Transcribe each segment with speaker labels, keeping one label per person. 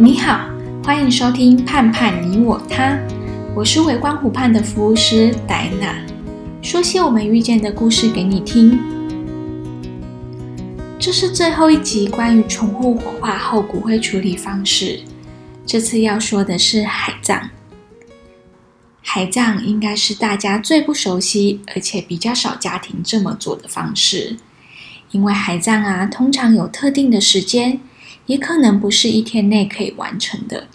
Speaker 1: 你好，歡迎收聽《盼盼你我他》，我是微光湖盼的服務師戴娜，說些我們遇見的故事給你聽。這是最後一集關於寵物火化後骨灰處理方式，這次要說的是海葬。海葬應該是大家最不熟悉，而且比較少家庭這麼做的方式，因為海葬啊，通常有特定的時間。也可能不是一天內可以完成的。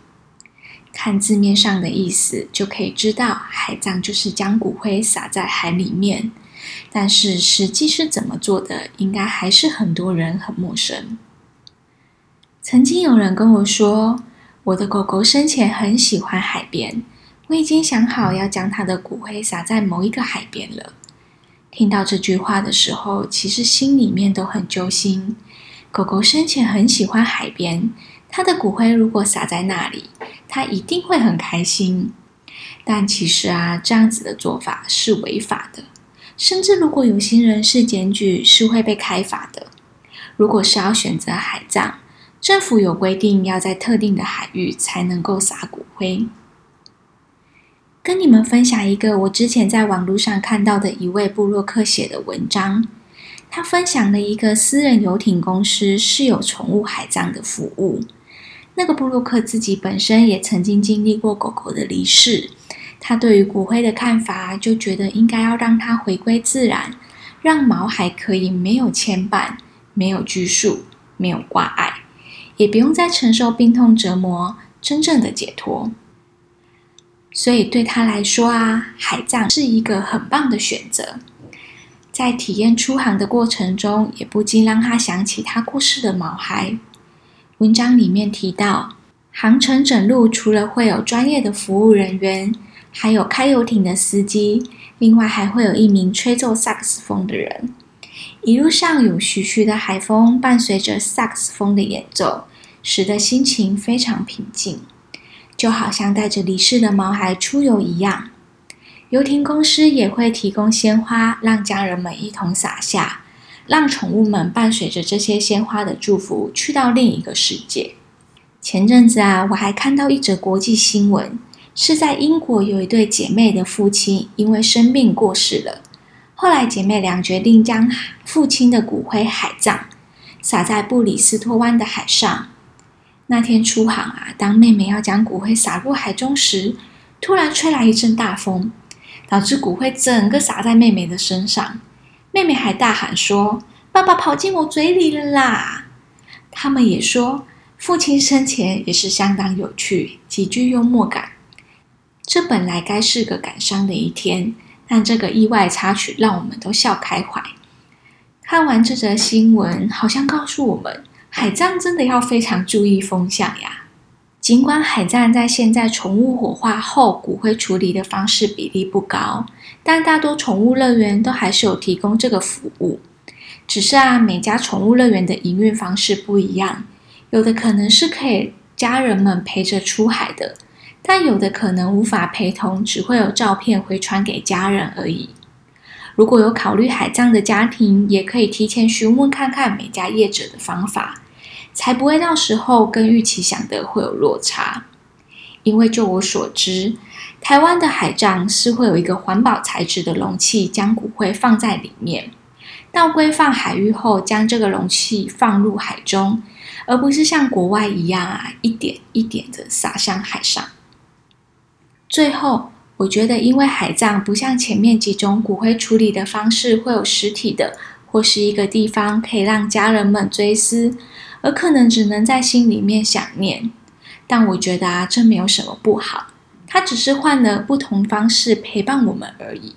Speaker 1: 看字面上的意思就可以知道，海葬就是將骨灰撒在海裡面。但是實際是怎麼做的，應該還是很多人很陌生。曾經有人跟我說，我的狗狗生前很喜歡海邊，我已經想好要將它的骨灰撒在某一個海邊了。聽到這句話的時候，其實心裡面都很揪心。狗狗生前很喜歡海邊，它的骨灰如果撒在那裡，它一定會很開心。但其實啊，這樣子的做法是違法的，甚至如果有心人士檢舉，是會被開罰的。如果是要選擇海葬，政府有規定要在特定的海域才能夠撒骨灰。跟你們分享一個我之前在網絡上看到的一位部落客寫的文章。他分享了一個私人遊艇公司，是有寵物海葬的服務。那個布魯克自己本身也曾經經歷過狗狗的離世，他對於骨灰的看法就覺得應該要讓它回歸自然，讓毛孩可以沒有牽絆、沒有拘束、沒有掛礙，也不用再承受病痛折磨，真正的解脫。所以對他來說啊，海葬是一個很棒的選擇。在體驗出航的過程中，也不禁讓他想起他過世的毛孩。文章裡面提到，航程整路除了會有專業的服務人員，還有開遊艇的司機，另外還會有一名吹奏薩克斯風的人。一路上有徐徐的海風伴隨着薩克斯風的演奏，使得心情非常平靜，就好像帶着離世的毛孩出遊一樣。遊艇公司也會提供鮮花，讓家人們一同撒下，讓寵物們伴隨着這些鮮花的祝福去到另一個世界。前陣子啊，我還看到一則國際新聞，是在英國有一對姐妹的父親因為生病過世了，後來姐妹倆決定將父親的骨灰海葬，撒在布里斯托灣的海上。那天出航啊，當妹妹要將骨灰撒入海中時，突然吹來一陣大風。導致骨灰整個灑在妹妹的身上，妹妹還大喊說：“爸爸跑進我嘴裡了啦！”他們也說，父親生前也是相當有趣，極具幽默感。這本來該是個感傷的一天，但這個意外插曲讓我們都笑開懷。看完這則新聞，好像告訴我們，海葬真的要非常注意風向呀。儘管海葬在現在寵物火化後骨灰處理的方式比例不高，但大多寵物樂園都還是有提供這個服務。只是啊，每家寵物樂園的營運方式不一樣，有的可能是可以家人們陪着出海的，但有的可能無法陪同，只會有照片回傳給家人而已。如果有考慮海葬的家庭，也可以提前詢問看看每家業者的方法。才不會到時候跟預期想的會有落差，因為就我所知，台灣的海葬是會有一個環保材質的容器，將骨灰放在裡面，到歸放海域後，將這個容器放入海中，而不是像國外一樣啊，一點一點的撒向海上。最後，我覺得因為海葬不像前面幾種骨灰處理的方式，會有實體的，或是一個地方可以讓家人們追思。而可能只能在心裡面想念，但我覺得啊，這沒有什麼不好，它只是換了不同方式陪伴我們而已。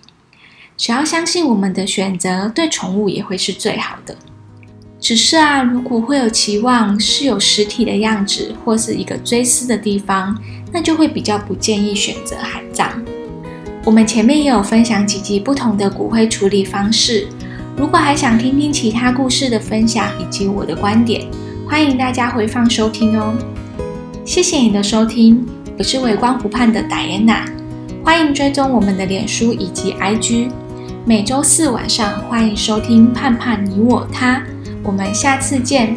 Speaker 1: 只要相信我們的選擇對寵物也會是最好的。只是啊，如果會有期望是有實體的樣子，或是一個追思的地方，那就會比較不建議選擇海葬。我們前面也有分享幾集不同的骨灰處理方式，如果還想聽聽其他故事的分享以及我的觀點。歡迎大家回放收聽哦，謝謝你的收聽，我是微光湖盼的戴安娜，歡迎追蹤我們的臉書以及 IG，每周四晚上歡迎收聽《盼盼你我他》，我們下次見。